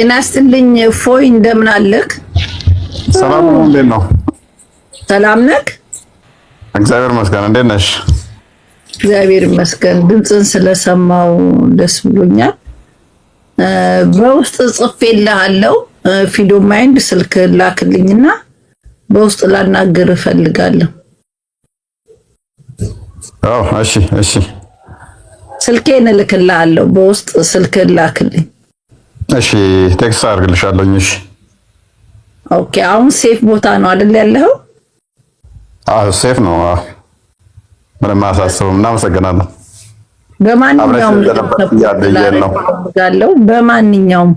ጤና ይስጥልኝ ፎይ፣ እንደምን አለክ? ሰላም ነው። እንዴት ነው? ሰላም ነክ? እግዚአብሔር ይመስገን። እንዴት ነሽ? እግዚአብሔር ይመስገን። ድምፅን ስለሰማው ደስ ብሎኛል። በውስጥ ጽፌልሃለሁ። ፊዶ ማይንድ ስልክ ላክልኝና በውስጥ ላናግር እፈልጋለሁ። አዎ፣ እሺ፣ እሺ። ስልኬን እልክልሃለሁ። በውስጥ ስልክ ላክልኝ። እሺ ቴክስት አድርግልሻለሁ። እሺ ኦኬ። አሁን ሴፍ ቦታ ነው አይደል ያለው? አዎ ሴፍ ነው። አዎ ምንም አያሳስብም። እናመሰግናለን። በማንኛውም ያለው በማንኛውም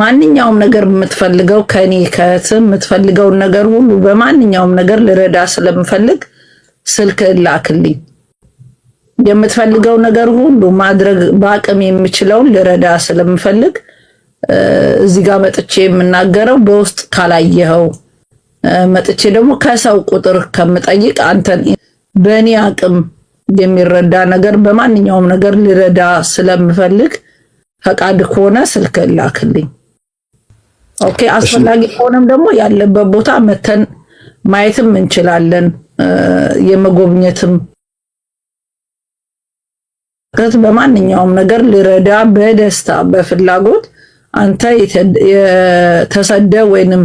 ማንኛውም ነገር የምትፈልገው ከኔ ከስም የምትፈልገውን ነገር ሁሉ በማንኛውም ነገር ልረዳ ስለምፈልግ ስልክ ላክልኝ። የምትፈልገው ነገር ሁሉ ማድረግ በአቅም የምችለውን ልረዳ ስለምፈልግ እዚህ ጋር መጥቼ የምናገረው በውስጥ ካላየኸው መጥቼ ደግሞ ከሰው ቁጥር ከምጠይቅ አንተን በእኔ አቅም የሚረዳ ነገር በማንኛውም ነገር ልረዳ ስለምፈልግ ፈቃድ ከሆነ ስልክ ላክልኝ። ኦኬ። አስፈላጊ ከሆነም ደግሞ ያለበት ቦታ መተን ማየትም እንችላለን የመጎብኘትም እውቀት በማንኛውም ነገር ልረዳ በደስታ በፍላጎት አንተ የተሰደ ወይንም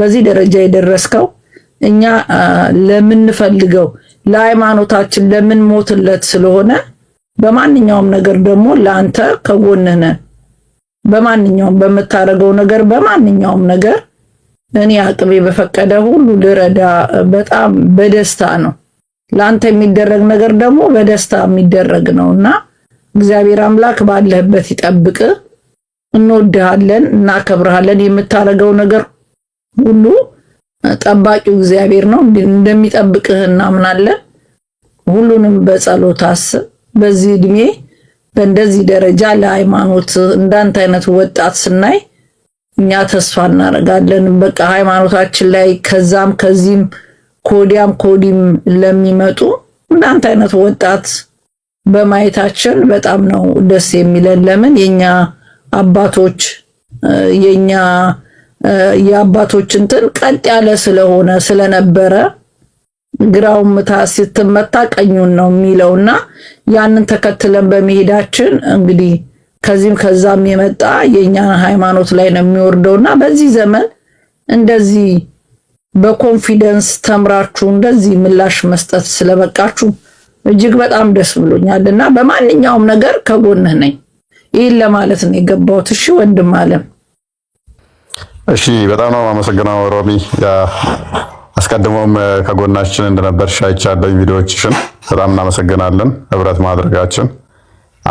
በዚህ ደረጃ የደረስከው እኛ ለምንፈልገው ለሃይማኖታችን ለምንሞትለት ስለሆነ በማንኛውም ነገር ደግሞ ለአንተ ከጎንህ ነን። በማንኛውም በምታደርገው ነገር በማንኛውም ነገር እኔ አቅሜ በፈቀደ ሁሉ ልረዳ በጣም በደስታ ነው። ለአንተ የሚደረግ ነገር ደግሞ በደስታ የሚደረግ ነውና እግዚአብሔር አምላክ ባለህበት ይጠብቅ። እንወድሃለን፣ እናከብርሃለን። የምታደርገው ነገር ሁሉ ጠባቂው እግዚአብሔር ነው። እንደሚጠብቅህ እናምናለን። ሁሉንም በጸሎት አስብ። በዚህ እድሜ በእንደዚህ ደረጃ ለሃይማኖት እንዳንተ አይነት ወጣት ስናይ እኛ ተስፋ እናደርጋለን። በቃ ሃይማኖታችን ላይ ከዛም ከዚህም ከወዲያም ኮዲም ለሚመጡ እንዳንተ አይነት ወጣት በማየታችን በጣም ነው ደስ የሚለን። ለምን የኛ አባቶች የኛ የአባቶች እንትን ቀጥ ያለ ስለሆነ ስለነበረ ግራውን ምታ ስትመታ ቀኙን ነው የሚለውና ያንን ተከትለን በመሄዳችን እንግዲህ ከዚህም ከዛም የመጣ የእኛን ሃይማኖት ላይ ነው የሚወርደውና በዚህ ዘመን እንደዚህ በኮንፊደንስ ተምራችሁ እንደዚህ ምላሽ መስጠት ስለበቃችሁ እጅግ በጣም ደስ ብሎኛል እና በማንኛውም ነገር ከጎንህ ነኝ። ይህን ለማለት ነው የገባሁት። እሺ ወንድም አለም። እሺ በጣም ነው አመሰግናው ሮሚ። አስቀድሞም ከጎናችን እንደነበር ሻይቻለኝ ቪዲዮዎችሽን በጣም እናመሰግናለን። ህብረት ማድረጋችን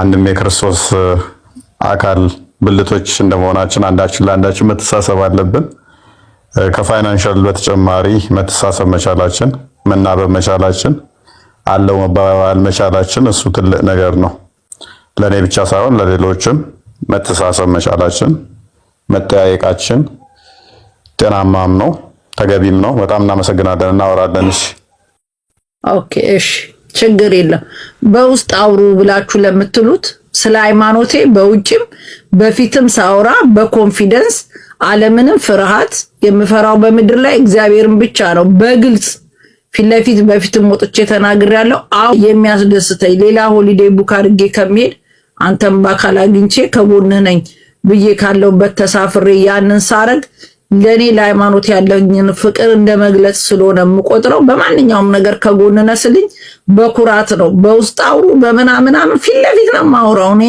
አንድም የክርስቶስ አካል ብልቶች እንደመሆናችን አንዳችን ለአንዳችን መተሳሰብ አለብን። ከፋይናንሻል በተጨማሪ መተሳሰብ መቻላችን መናበብ መቻላችን አለው መባባል መቻላችን እሱ ትልቅ ነገር ነው። ለእኔ ብቻ ሳይሆን ለሌሎችም መተሳሰብ መቻላችን መጠያየቃችን ጤናማም ነው ተገቢም ነው። በጣም እናመሰግናለን። እናወራለን። እሺ፣ ኦኬ፣ እሺ፣ ችግር የለም። በውስጥ አውሩ ብላችሁ ለምትሉት ስለ ሃይማኖቴ በውጭም በፊትም ሳውራ በኮንፊደንስ አለምንም ፍርሃት የምፈራው በምድር ላይ እግዚአብሔርን ብቻ ነው በግልጽ ፊት ለፊት በፊትም ወጥቼ ተናግሬያለሁ። አሁን የሚያስደስተኝ ሌላ ሆሊዴይ ቡክ አድርጌ ከሚሄድ አንተም በአካል አግኝቼ ከጎንህ ነኝ ብዬ ካለውበት ተሳፍሬ ያንን ሳረግ ለእኔ ለሃይማኖት ያለኝን ፍቅር እንደ መግለጽ ስለሆነ የምቆጥረው። በማንኛውም ነገር ከጎን ነስልኝ በኩራት ነው። በውስጥ አውሩ በምናምናምን ፊት ለፊት ነው የማውራው። እኔ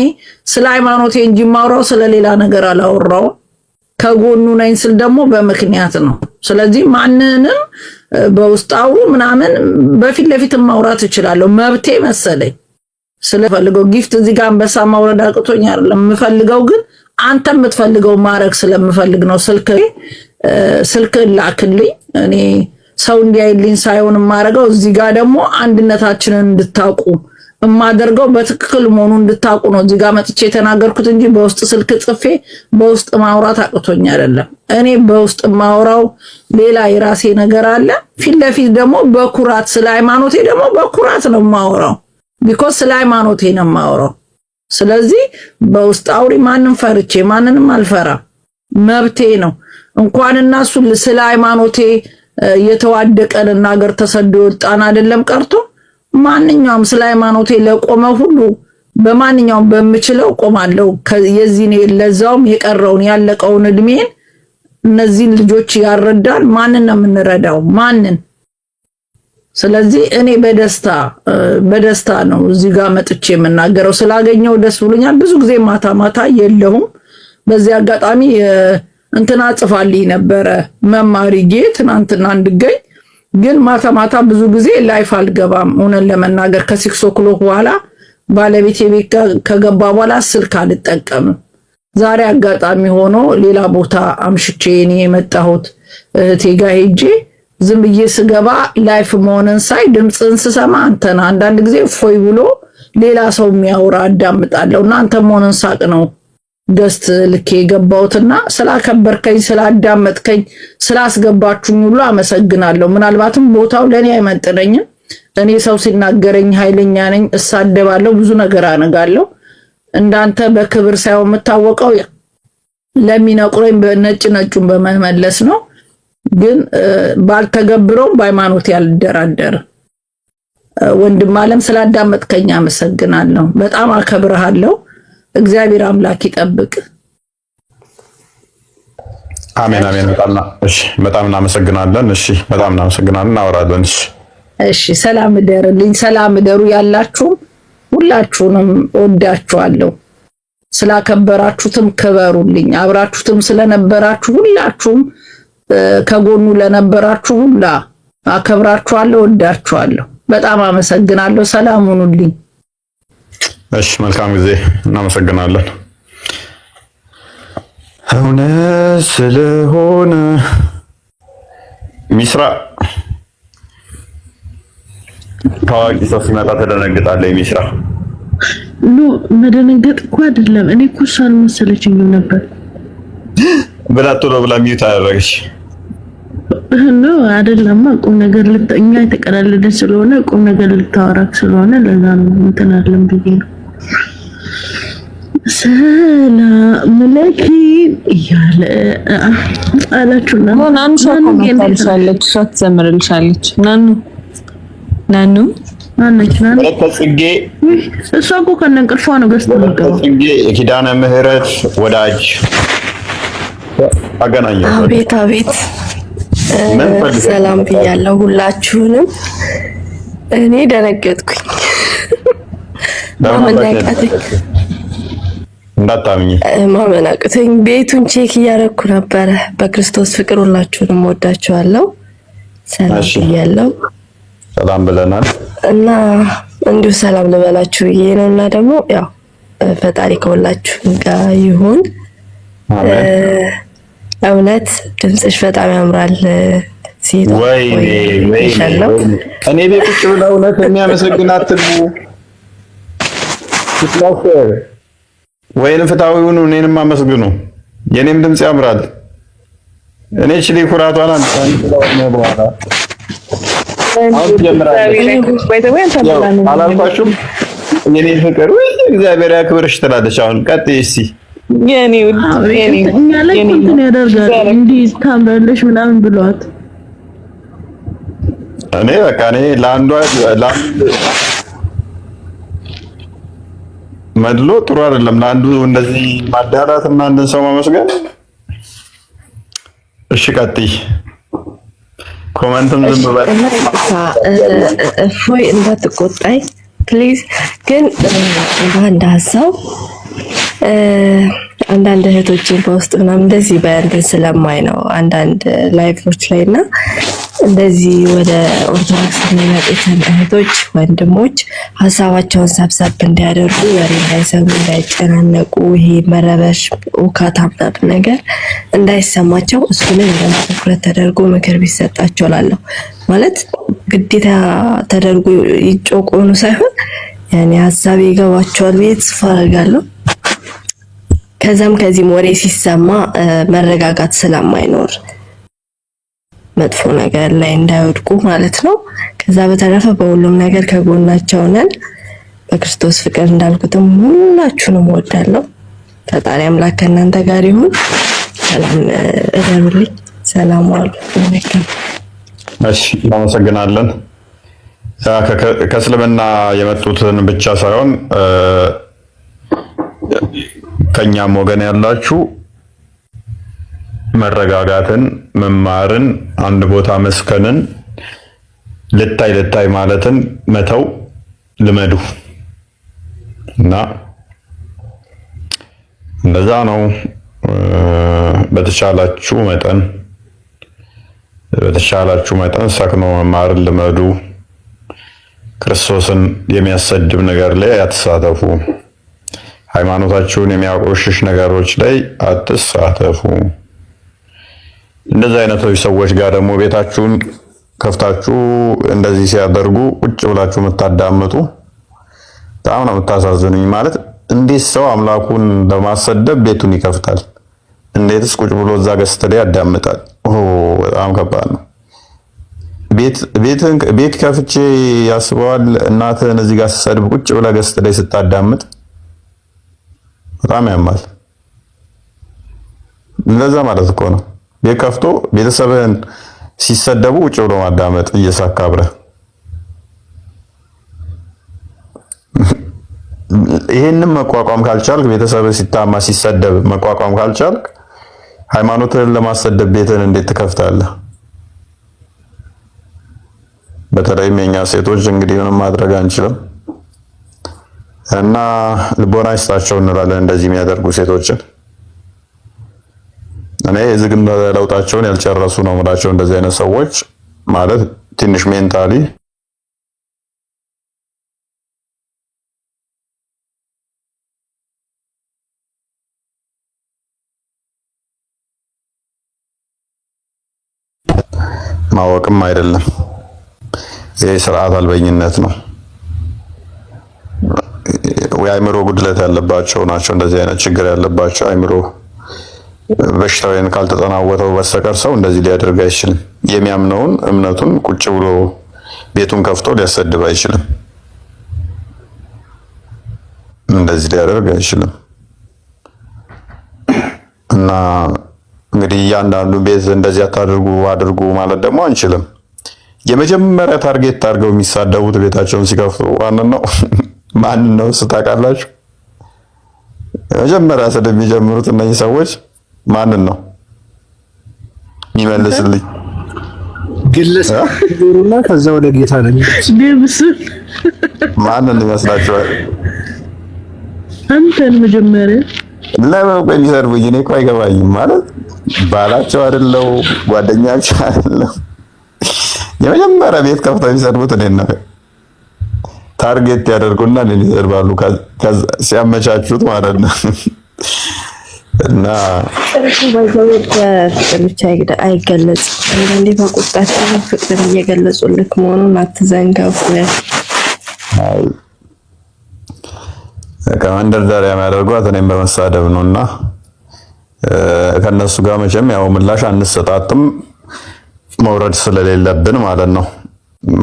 ስለ ሃይማኖቴ እንጂ የማውራው ስለሌላ ነገር አላወራውም። ከጎኑ ነኝ ስል ደግሞ በምክንያት ነው። ስለዚህ ማንንም በውስጥ አውሩ ምናምን በፊት ለፊት ማውራት እችላለሁ፣ መብቴ መሰለኝ ስለፈልገው ጊፍት እዚህ ጋር አንበሳ ማውረድ አቅቶኝ አይደለም የምፈልገው፣ ግን አንተ የምትፈልገው ማድረግ ስለምፈልግ ነው። ስልክ ስልክ ላክልኝ፣ እኔ ሰው እንዲያይልኝ ሳይሆን የማደርገው እዚህ ጋር ደግሞ አንድነታችንን እንድታውቁ የማደርገው በትክክል መሆኑ እንድታውቁ ነው። እዚህ ጋር መጥቼ የተናገርኩት እንጂ በውስጥ ስልክ ጽፌ በውስጥ ማውራት አቅቶኝ አይደለም። እኔ በውስጥ ማውራው ሌላ የራሴ ነገር አለ። ፊት ለፊት ደግሞ በኩራት ስለ ሃይማኖቴ ደግሞ በኩራት ነው ማውራው። ቢኮዝ ስለ ሃይማኖቴ ነው ማውራው። ስለዚህ በውስጥ አውሪ። ማንም ፈርቼ ማንንም አልፈራ፣ መብቴ ነው። እንኳን እናሱ ስለ ሃይማኖቴ የተዋደቀን እና ሀገር ተሰዶ ወጣን አይደለም ቀርቶ ማንኛውም ስለ ሃይማኖቴ ለቆመ ሁሉ በማንኛውም በምችለው ቆማለሁ። የዚህ ለዛውም የቀረውን ያለቀውን እድሜን እነዚህን ልጆች ያረዳል። ማንን ነው የምንረዳው? ማንን? ስለዚህ እኔ በደስታ በደስታ ነው እዚህ ጋር መጥቼ የምናገረው። ስላገኘው ደስ ብሎኛል። ብዙ ጊዜ ማታ ማታ የለሁም። በዚህ አጋጣሚ እንትና ጽፋልኝ ነበረ መማሪጌ ትናንትና እንድገኝ ግን ማታ ማታ ብዙ ጊዜ ላይፍ አልገባም። እውነን ለመናገር ከሲክስ ኦክሎክ በኋላ ባለቤቴ ቤት ከገባ በኋላ ስልክ አልጠቀምም። ዛሬ አጋጣሚ ሆኖ ሌላ ቦታ አምሽቼ እኔ የመጣሁት እህቴ ጋ ሄጄ ዝም ብዬ ስገባ ላይፍ መሆንን ሳይ ድምፅን ስሰማ አንተና አንዳንድ ጊዜ ፎይ ብሎ ሌላ ሰው የሚያወራ አዳምጣለሁ እና አንተ መሆንን ሳቅ ነው ገስት ልኬ የገባሁትና ስላከበርከኝ ስላዳመጥከኝ ስላስገባችሁኝ ሁሉ አመሰግናለሁ። ምናልባትም ቦታው ለእኔ አይመጥነኝም። እኔ ሰው ሲናገረኝ ኃይለኛ ነኝ፣ እሳደባለሁ፣ ብዙ ነገር አነጋለሁ። እንዳንተ በክብር ሳይሆን የምታወቀው ለሚነቁረኝ ነጭ ነጩን በመመለስ ነው። ግን ባልተገብረውም በሃይማኖት ያልደራደርም። ወንድም አለም ስላዳመጥከኝ አመሰግናለሁ። በጣም አከብረሃለሁ። እግዚአብሔር አምላክ ይጠብቅ። አሜን አሜን። በጣም እሺ፣ በጣም እናመሰግናለን። እሺ፣ በጣም እናመሰግናለን። እናወራለን። እሺ፣ እሺ። ሰላም እደርልኝ። ሰላም እደሩ። ያላችሁም ሁላችሁንም ወዳችኋለሁ። ስላከበራችሁትም ክበሩልኝ። አብራችሁትም ስለነበራችሁ ሁላችሁም ከጎኑ ለነበራችሁ ሁላ አከብራችኋለሁ፣ ወዳችኋለሁ። በጣም አመሰግናለሁ። ሰላም ሁኑልኝ። እሺ፣ መልካም ጊዜ። እናመሰግናለን። እውነት ስለሆነ ሚስራ ታዋቂ ሰው ሲመጣ ተደነግጣለ። ሚስራ ኖ መደነገጥ እኮ አይደለም። እኔ እኮ እሷን መሰለችኝ ነበር ብላ ቶሎ ብላ ሚዩት አደረገች። ኖ አይደለም፣ ቁም ነገር እኛ የተቀላለደ ስለሆነ ቁም ነገር ልታወራክ ስለሆነ ለዛ ነው እንትን ብዬ ነው ሰላም ለኪ እያለ አላችሁና ናኑ እሷ ትዘምርልሻለች። ናኑ ናኑ ጽጌ እሷ እኮ ከነ ነው ጽጌ የኪዳነ ምህረት ወዳጅ አገናኘሁ። አቤት አቤት፣ ሰላም ብያለሁ ሁላችሁንም። እኔ ደነገጥኩኝ። ማመን ያቃተኝ እንዳታምኝ ማመን አቅተኝ ቤቱን ቼክ እያደረኩ ነበረ። በክርስቶስ ፍቅር ሁላችሁንም ወዳችኋለሁ። ሰላም ብያለሁ። ሰላም ብለናል እና እንዲሁ ሰላም ልበላችሁ ብዬ ነው እና ደግሞ ያው ፈጣሪ ከሁላችሁ ጋር ይሁን። እውነት ድምፅሽ በጣም ያምራል። ሲሄድ ወይ ወይ እኔ ቤት ቁጭ ብለው እውነት የሚያመሰግናት ወይንም ፍትሐዊ ሁኑ፣ እኔንም አመስግኑ። የኔም ድምፅ ያምራል። እኔ ችሊ ኩራቷን አላልኳችሁም? የኔ ፍቅር እግዚአብሔር ያክብርሽ ትላለች። አሁን ቀጥይ እስኪ የኔ እኛ ላይ እንትን ያደርጋል እንዲህ ታምራለሽ ምናምን ብሏት እኔ በቃ እኔ ለአንዷ ለአንድ መድሎ ጥሩ አይደለም። ለአንዱ እንደዚህ ማዳራት እና አንድን ሰው ማመስገን። እሺ ቀጥይ። ኮመንትም ዝም ብለ እፎይ እንዳትቆጣይ ፕሊዝ። ግን በአንድ ሀሳብ አንዳንድ እህቶችን በውስጥ ምናምን እንደዚህ በእንትን ስለማይ ነው አንዳንድ ላይቭሮች ላይ እና እንደዚህ ወደ ኦርቶዶክስ የሚመጡትን እህቶች ወንድሞች ሀሳባቸውን ሰብሰብ እንዲያደርጉ ወሬ እንዳይሰሙ፣ እንዳይጨናነቁ ይሄ መረበሽ፣ ውካት ምናምን ነገር እንዳይሰማቸው እሱንም እንደ ትኩረት ተደርጎ ምክር ቢሰጣቸው እላለሁ። ማለት ግዴታ ተደርጎ ይጮቆኑ ሳይሆን ያኔ ሀሳብ ይገባቸዋል ብዬ ተስፋ አደርጋለሁ። ከዛም ከዚህም ወሬ ሲሰማ መረጋጋት ስለማይኖር መጥፎ ነገር ላይ እንዳይወድቁ ማለት ነው። ከዛ በተረፈ በሁሉም ነገር ከጎናቸው ነን። በክርስቶስ ፍቅር እንዳልኩትም ሁላችሁንም ወዳለው ፈጣሪ አምላክ ከእናንተ ጋር ይሁን። ሰላም እደሩልኝ። ሰላም ዋሉ። እሺ፣ እናመሰግናለን። ከእስልምና የመጡትን ብቻ ሳይሆን ከእኛም ወገን ያላችሁ መረጋጋትን፣ መማርን፣ አንድ ቦታ መስከንን፣ ልታይ ልታይ ማለትን መተው ልመዱ እና እንደዛ ነው። በተቻላችሁ መጠን በተቻላችሁ መጠን ሰክኖ መማርን ልመዱ። ክርስቶስን የሚያሰድብ ነገር ላይ አትሳተፉ። ሃይማኖታችሁን የሚያቆሽሽ ነገሮች ላይ አትሳተፉ። እንደዚህ አይነቶች ሰዎች ጋር ደግሞ ቤታችሁን ከፍታችሁ እንደዚህ ሲያደርጉ ቁጭ ብላችሁ የምታዳምጡ በጣም ነው የምታሳዝኑኝ። ማለት እንዴት ሰው አምላኩን በማሰደብ ቤቱን ይከፍታል? እንዴትስ ቁጭ ብሎ እዛ ገስት ያዳምጣል? ኦ በጣም ከባድ ነው። ቤት ቤትን ቤት ከፍቼ ያስበዋል። እናትህን እዚህ ጋር ስትሰድብ ቁጭ ብለህ ገስት ላይ ስታዳምጥ በጣም ያማል። እንደዛ ማለት እኮ ነው። ቤት ከፍቶ ቤተሰብህን ሲሰደቡ ውጭ ብሎ ማዳመጥ እየሳካ አብረህ ይሄንም መቋቋም ካልቻልክ ቤተሰብ ሲታማ ሲሰደብ መቋቋም ካልቻልክ ሃይማኖትህን ለማሰደብ ቤትህን እንዴት ትከፍታለህ? በተለይም የኛ ሴቶች እንግዲህ ምንም ማድረግ አንችልም እና ልቦና ይስጣቸው እንላለን እንደዚህ የሚያደርጉ ሴቶችን እኔ የዝግነ ለውጣቸውን ያልጨረሱ ነው የምላቸው እንደዚህ አይነት ሰዎች ማለት ትንሽ ሜንታሊ ማወቅም አይደለም። ይህ ስርዓት አልበኝነት ነው። የአእምሮ ጉድለት ያለባቸው ናቸው። እንደዚህ አይነት ችግር ያለባቸው አእምሮ በሽታውን ካልተጠናወተው በስተቀር ሰው እንደዚህ ሊያደርግ አይችልም። የሚያምነውን እምነቱን ቁጭ ብሎ ቤቱን ከፍቶ ሊያሰድብ አይችልም። እንደዚህ ሊያደርግ አይችልም። እና እንግዲህ እያንዳንዱ ቤት እንደዚህ አታድርጉ አድርጉ ማለት ደግሞ አንችልም። የመጀመሪያ ታርጌት አድርገው የሚሳደቡት ቤታቸውን ሲከፍቱ ማንን ነው? ማንን ነው ስታውቃላችሁ? የመጀመሪያ ስድብ የሚጀምሩት እነዚህ ሰዎች ማንን ነው የሚመልስልኝ? ግለሰብ ጆሮና ከዛ ወደ ጌታ ነው የሚደርስ። ማንን ይመስላችኋል? አንተን መጀመሪያ ለምን ቆይ ሊሰርቡኝ? እኔ እኮ አይገባኝም። ማለት ባላቸው አይደለው ጓደኛቸው አይደለው የመጀመሪያ ቤት ከፍተው የሚሰርቡት እኔን ነው ታርጌት ያደርጉና እኔን ይሰርባሉ፣ ሲያመቻቹት ማለት ነው። እና ፍቅር ብቻ አይገለጽም። አንዳንዴ በቁጣቸው ፍቅር እየገለጹልክ መሆኑን አትዘንጋው። ከመንደርደሪያ የሚያደርጓት እኔም በመሳደብ ነው እና ከእነሱ ጋር መቼም ያው ምላሽ አንሰጣጥም፣ መውረድ ስለሌለብን ማለት ነው።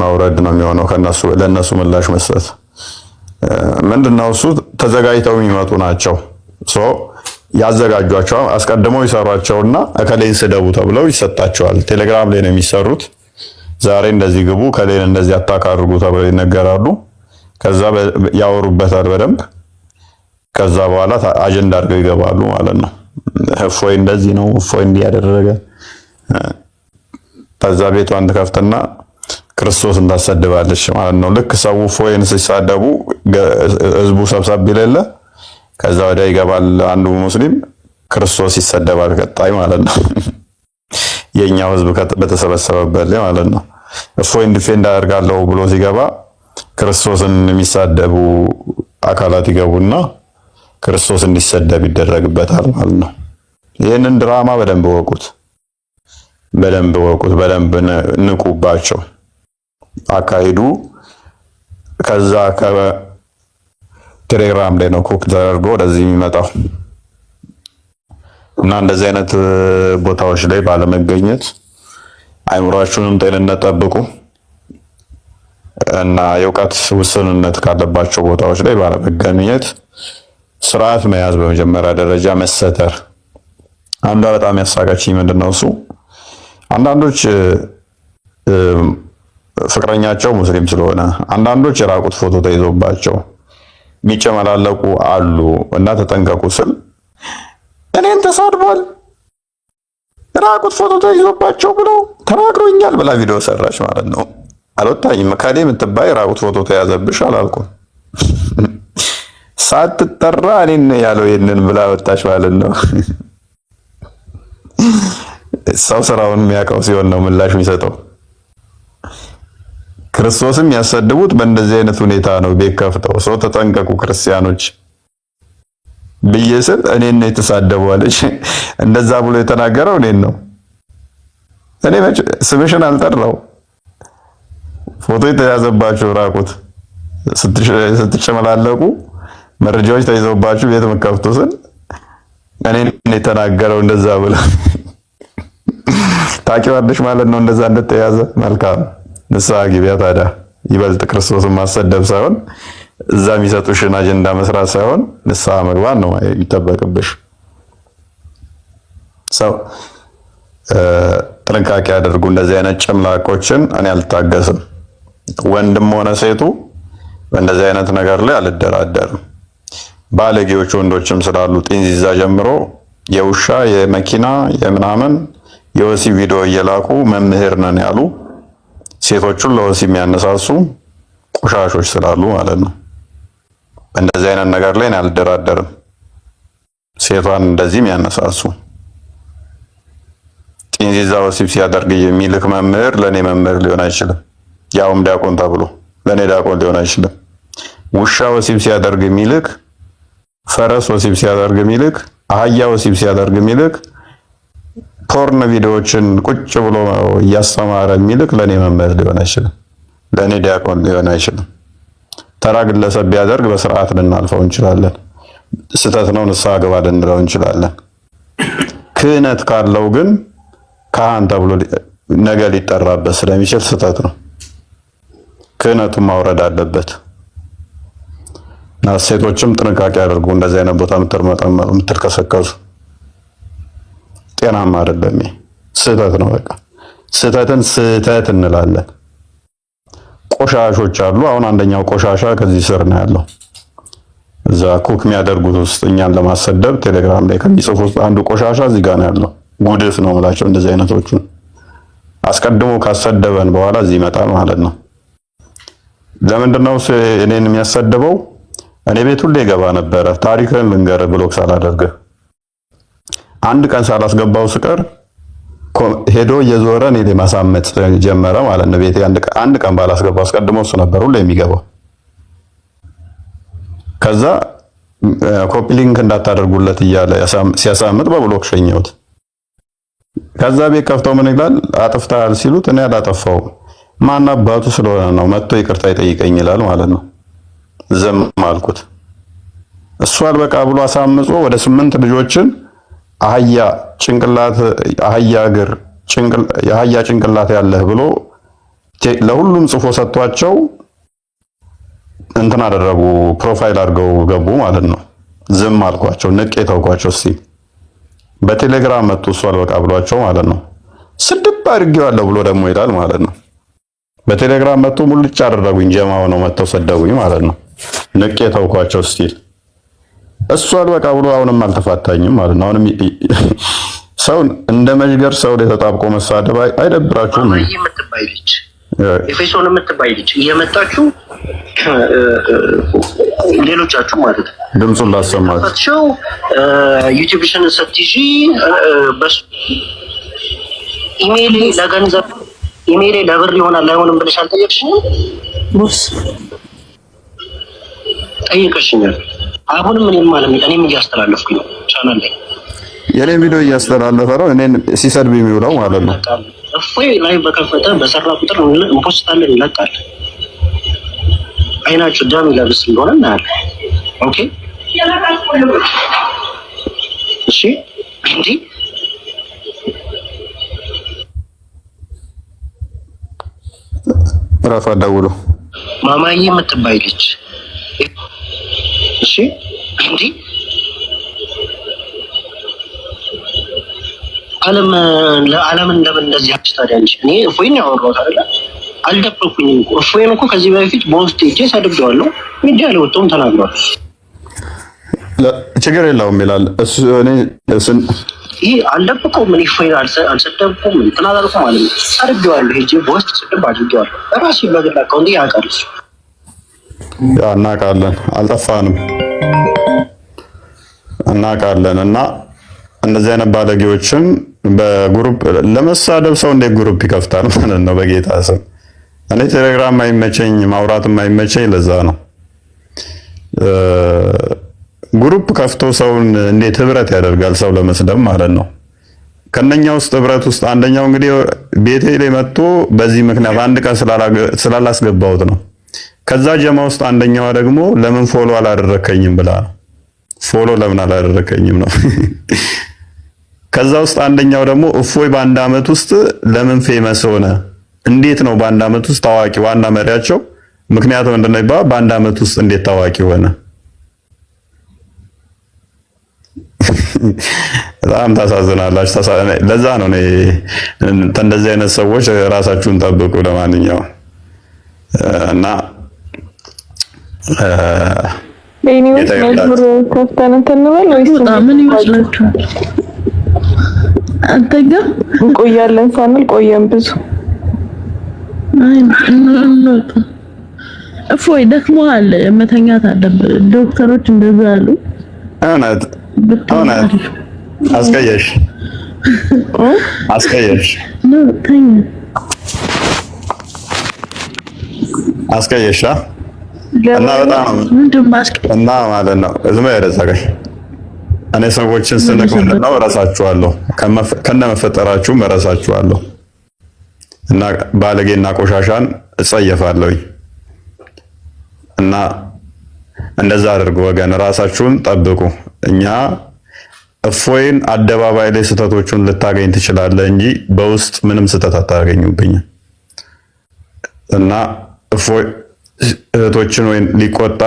መውረድ ነው የሚሆነው ከነሱ ለነሱ ምላሽ መስጠት ምንድነው እሱ ተዘጋጅተው የሚመጡ ናቸው። ያዘጋጇቸው አስቀድመው ይሰሯቸውና እከሌን ስደቡ ተብለው ይሰጣቸዋል። ቴሌግራም ላይ ነው የሚሰሩት። ዛሬ እንደዚህ ግቡ፣ ከሌን እንደዚህ አታክ አድርጉ ተብለው ይነገራሉ። ከዛ ያወሩበታል በደንብ ከዛ በኋላ አጀንዳ አድርገው ይገባሉ ማለት ነው። እፎይ እንደዚህ ነው፣ እፎይ እንዲያደረገ ያደረገ። ከዛ ቤቷን ትከፍትና ክርስቶስን ታሰድባለች ማለት ነው። ልክ ሰው እፎይን ሲሳደቡ ህዝቡ ሰብሰብ ይለለ ከዛ ወዲያ ይገባል አንዱ ሙስሊም ክርስቶስ ይሰደባል። ቀጣይ ማለት ነው የኛው ህዝብ በተሰበሰበበት ላይ ማለት ነው። እፎይ እንዲፌንድ አደርጋለሁ ብሎ ሲገባ ክርስቶስን የሚሳደቡ አካላት ይገቡና ክርስቶስ እንዲሰደብ ይደረግበታል ማለት ነው። ይህንን ድራማ በደንብ ወቁት፣ በደንብ ወቁት፣ በደንብ ንቁባቸው። አካሂዱ። ከዛ ቴሌግራም ላይ ነው ኮክ ተደርጎ ወደዚህ የሚመጣው እና እንደዚህ አይነት ቦታዎች ላይ ባለመገኘት አይምሯችሁንም ጤንነት ጠብቁ እና የእውቀት ውስንነት ካለባቸው ቦታዎች ላይ ባለመገኘት ስርዓት መያዝ በመጀመሪያ ደረጃ መሰተር። አንዷ በጣም ያሳቃችኝ ምንድን ነው እሱ አንዳንዶች ፍቅረኛቸው ሙስሊም ስለሆነ፣ አንዳንዶች የራቁት ፎቶ ተይዞባቸው የሚጨመላለቁ አሉ እና ተጠንቀቁ ስል እኔን ተሳድቧል ራቁት ፎቶ ተይዞባቸው ብለው ተናግሮኛል ብላ ቪዲዮ ሰራች ማለት ነው። አልወታኝም መካሌ የምትባይ ራቁት ፎቶ ተያዘብሽ አላልኩም። ሳትጠራ እኔን ያለው ይህንን ብላ ወጣች ማለት ነው። ሰው ስራውን የሚያውቀው ሲሆን ነው ምላሽ የሚሰጠው። ክርስቶስም ያሰድቡት በእንደዚህ አይነት ሁኔታ ነው። ቤት ከፍተው ሰው ተጠንቀቁ ክርስቲያኖች ብዬ ስል እኔን ነው አለች። እንደዛ ብሎ የተናገረው እኔን ነው። እኔ መች ስምሽን አልጠራው። ፎቶ የተያዘባችሁ ራቁት ስትጨመላለቁ መረጃዎች ተይዘውባችሁ ቤት መከፍቱትን እኔን የተናገረው እንደዛ ብሎ ታውቂዋለሽ ማለት ነው። እንደዛ እንደተያዘ መልካም ንስሐ ግቢያ ታዲያ ይበልጥ ክርስቶስን ማሰደብ ሳይሆን እዛ የሚሰጡሽን አጀንዳ መስራት ሳይሆን ንስሐ መግባት ነው ይጠበቅብሽ። ሰው ጥንቃቄ አድርጉ። እንደዚህ አይነት ጭምላቆችን እኔ አልታገስም። ወንድም ሆነ ሴቱ በእንደዚህ አይነት ነገር ላይ አልደራደርም። ባለጌዎች ወንዶችም ስላሉ ጢንዚዛ ጀምሮ የውሻ የመኪና የምናምን የወሲብ ቪዲዮ እየላኩ መምህር ነን ያሉ ሴቶቹን ለወሲብ የሚያነሳሱ ቆሻሾች ስላሉ ማለት ነው። በእንደዚህ አይነት ነገር ላይ አልደራደርም። ሴቷን እንደዚህ የሚያነሳሱ ጢንዚዛ ወሲብ ሲያደርግ የሚልክ መምህር ለእኔ መምህር ሊሆን አይችልም። ያውም ዲያቆን ተብሎ ለእኔ ዲያቆን ሊሆን አይችልም። ውሻ ወሲብ ሲያደርግ የሚልክ፣ ፈረስ ወሲብ ሲያደርግ የሚልክ፣ አህያ ወሲብ ሲያደርግ የሚልክ ፖርን ቪዲዮዎችን ቁጭ ብሎ እያስተማረ የሚልክ ለእኔ መምህር ሊሆን አይችልም፣ ለእኔ ዲያቆን ሊሆን አይችልም። ተራ ግለሰብ ቢያደርግ በስርዓት ልናልፈው እንችላለን። ስህተት ነው ንስሐ ግባ ልንለው እንችላለን። ክህነት ካለው ግን ካህን ተብሎ ነገ ሊጠራበት ስለሚችል ስህተት ነው። ክህነቱን ማውረድ አለበት። ሴቶችም ጥንቃቄ አድርጉ፣ እንደዚህ አይነት ቦታ የምትርከሰከሱ ጤናማ አይደለም። ስህተት ነው። በቃ ስህተትን ስህተት እንላለን። ቆሻሾች አሉ። አሁን አንደኛው ቆሻሻ ከዚህ ስር ነው ያለው። እዛ ኩክ የሚያደርጉት ውስጥ እኛን ለማሰደብ ቴሌግራም ላይ ከሚጽፉ ውስጥ አንዱ ቆሻሻ እዚህ ጋር ነው ያለው። ጉድፍ ነው የምላቸው እንደዚህ አይነቶቹን አስቀድሞ ካሰደበን በኋላ እዚህ ይመጣል ማለት ነው። ለምንድን ነው እኔን የሚያሰድበው? እኔ ቤት ሁሌ ገባ ነበረ ታሪክን ልንገር ብሎክ ሳላደርግህ አንድ ቀን ሳላስገባው ስቀር ሄዶ እየዞረ እኔ ማሳመጥ ጀመረ ማለት ነው። ቤቴ አንድ ቀን ባላስገባው አስቀድሞ እሱ ነበር ሁሉ የሚገባው። ከዛ ኮፒ ሊንክ እንዳታደርጉለት እያለ ሲያሳምጥ በብሎክ ሸኘሁት። ከዛ ቤት ከፍተው ምን ይላል አጥፍተሃል ሲሉት እኔ አላጠፋውም ማን አባቱ ስለሆነ ነው መጥቶ ይቅርታ ይጠይቀኝ ይላል ማለት ነው። ዝም አልኩት። እሱ አልበቃ ብሎ አሳምጾ ወደ ስምንት ልጆችን አህያ ጭንቅላት አህያ እግር የአህያ ጭንቅላት ያለህ ብሎ ለሁሉም ጽፎ ሰጥቷቸው እንትን አደረጉ። ፕሮፋይል አድርገው ገቡ ማለት ነው። ዝም አልኳቸው፣ ንቄ ተውኳቸው። እስቲ በቴሌግራም መጡ። እሱ አልበቃ ብሏቸው ማለት ነው። ስድብ አድርጌዋለሁ ብሎ ደግሞ ይላል ማለት ነው። በቴሌግራም መጡ፣ ሙልጭ አደረጉኝ። ጀማ ሆነው መተው ሰደቡኝ ማለት ነው። ንቄ ተውኳቸው ስቲል እሷን በቃ ብሎ አሁንም አልተፋታኝም ማለት ነው። አሁንም ሰውን እንደ መዥገር ሰው ላይ ተጣብቆ መሳደብ አይደብራችሁም? የምትባይ ልጅ ኤፌሶን የምትባይ ልጅ እየመጣችሁ ሌሎቻችሁ ማለት ነው ድምፁን ላሰማቸው ዩቲዩብሽን ስትይዢ ኢሜይል ለገንዘብ ኢሜይል ለብር ይሆናል ላይሆንም ብለሽ አልጠየቅሽኝም? ጠይቀሽኛል አሁንም ማለት ነው? እኔም እያስተላለፍኩኝ ነው ቻናል ላይ የኔ ቪዲዮ እያስተላለፈ ነው። እኔን ሲሰድብ የሚውለው ማለት ነው። እፎይ ላይ በከፈተ በሰራ ቁጥር እንፖስታለን፣ እንለቃለን። አይናችሁ ደም ይለብስ እንደሆነ እናያለን። ኦኬ እሺ። እንዲ ራፋ ደውሎ ማማዬ የምትባይ ልጅ እሺ እንዲ ዓለም ለዓለም እንደምን እንደዚህ አጭ ታዲያ እንጂ እኔ እፎይን ያወራሁት አይደለ አልደበኩኝም እኮ እፎይን እኮ ከዚህ በፊት በውስጥ እጄ ሰድቤዋለሁ ሚዲያ ላይ ወጥቶም ተናግሯል ችግር የለውም ይላል እሱ እኔ እሱን ይሄ አልደብቀውም እኔ እፎይን አልሰደብኩም እንትን አላልኩም ማለት ሰድቤዋለሁ ሄጄ በውስጥ ስድብ አድርጌዋለሁ ራሴ በግል አካውንት ያውቃል እሱ እናውቃለን፣ አልጠፋንም፣ እናውቃለን። እና እንደዚህ አይነት ባለጌዎችም በግሩፕ ለመሳደብ ሰው እንዴት ግሩፕ ይከፍታል ማለት ነው? በጌታ ስም እኔ ቴሌግራም ማይመቸኝ ማውራት ማይመቸኝ ለዛ ነው። ግሩፕ ከፍቶ ሰውን እንዴት ህብረት ያደርጋል ሰው ለመስደብ ማለት ነው። ከነኛ ውስጥ ህብረት ውስጥ አንደኛው እንግዲህ ቤቴ ላይ መጥቶ በዚህ ምክንያት አንድ ቀን ስላላስገባሁት ነው ከዛ ጀማ ውስጥ አንደኛዋ ደግሞ ለምን ፎሎ አላደረከኝም ብላ ነው። ፎሎ ለምን አላደረከኝም ነው። ከዛ ውስጥ አንደኛው ደግሞ እፎይ በአንድ ዓመት ውስጥ ለምን ፌመስ ሆነ? እንዴት ነው በአንድ ዓመት ውስጥ ታዋቂ? ዋና መሪያቸው ምክንያቱም ምንድን ነው ይባላል። በአንድ ዓመት ውስጥ እንዴት ታዋቂ ሆነ? በጣም ታሳዝናላችሁ። ለዛ ነው እኔ እንደዚህ አይነት ሰዎች ራሳችሁን ጠብቁ። ለማንኛውም እና ምን ይመስላችኋል? እንቆያለን ሳንል ቆየን ብዙ እፎይ ደክሞሃል፣ መተኛት አለብህ። ዶክተሮች እንደዛ አሉ። እውነት እውነት አስቀየሽ አስቀየሽ አስቀየሽ እና በጣም እና ማለት ነው ዝም ያደረጋኝ እኔ ሰዎችን ስንቅ ምንድን ነው እረሳችኋለሁ፣ ከነመፈጠራችሁም እረሳችኋለሁ እና ባለጌና ቆሻሻን እጸየፋለሁኝ እና እንደዛ አድርጉ ወገን፣ ራሳችሁን ጠብቁ። እኛ እፎይን አደባባይ ላይ ስህተቶቹን ልታገኝ ትችላለህ እንጂ በውስጥ ምንም ስህተት አታገኙብኝም እና እፎይ እህቶችን ወይም ሊቆጣ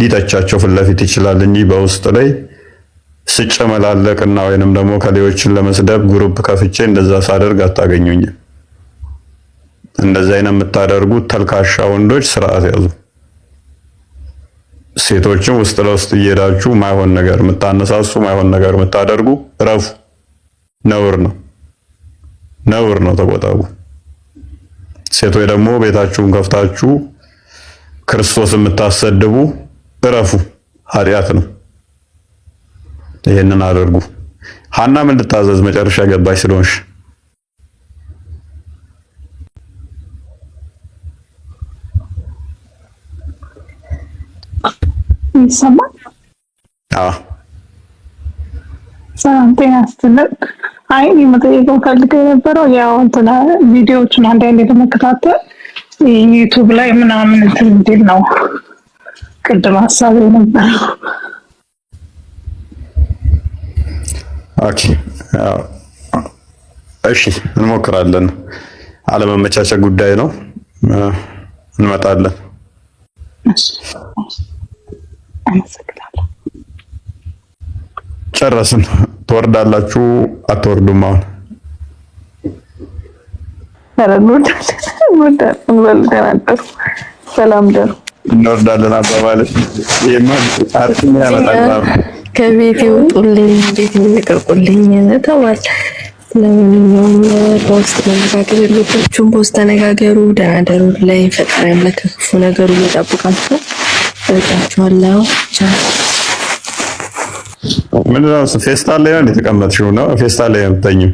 ሊተቻቸው ፊት ለፊት ይችላል እንጂ በውስጥ ላይ ስጨመላለቅና ወይንም ደግሞ ከሌዎችን ለመስደብ ግሩፕ ከፍቼ እንደዛ ሳደርግ አታገኙኝም። እንደዚህ አይነት የምታደርጉት ተልካሻ ወንዶች ስርዓት ያዙ። ሴቶችም ውስጥ ለውስጥ እየሄዳችሁ ማይሆን ነገር የምታነሳሱ ማይሆን ነገር የምታደርጉ ረፉ። ነውር ነው፣ ነውር ነው። ተቆጠቡ። ሴቶች ደግሞ ቤታችሁን ከፍታችሁ ክርስቶስ የምታሰድቡ እረፉ፣ ኃጢአት ነው። ይህንን አድርጉ። ሀና ምን ልታዘዝ? መጨረሻ ገባች ስለሆንሽ ይሰማል። አዎ ሰላም ጤና ይስጥልኝ። አይ እኔ መጠየቅ ፈልገው የነበረው ያው እንትና ቪዲዮዎችን አንዳንዴ ለመከታተል ዩቱብ ላይ ምናምን እንትን እንዲል ነው ቅድም ሀሳብ የነበረው። እሺ፣ እንሞክራለን። አለመመቻቸ ጉዳይ ነው፣ እንመጣለን። ጨረስን። ትወርዳላችሁ አትወርዱም? አሁን ኧረ እንወርዳለን። ሰላም ደር እንወርዳለን ከቤት ይውጡልኝ፣ ቤት የሚለቀቁልኝ ለማንኛውም በውስጥ መነጋገር የለባችሁም፣ በውስጥ ተነጋገሩ። ደህና ደሩ። ላይ ፈጣሪ አምላክ ነገሩ ምንድን ነው ፌስታል ላይ ነው የተቀመጥሽው? ነው ፌስታል ላይ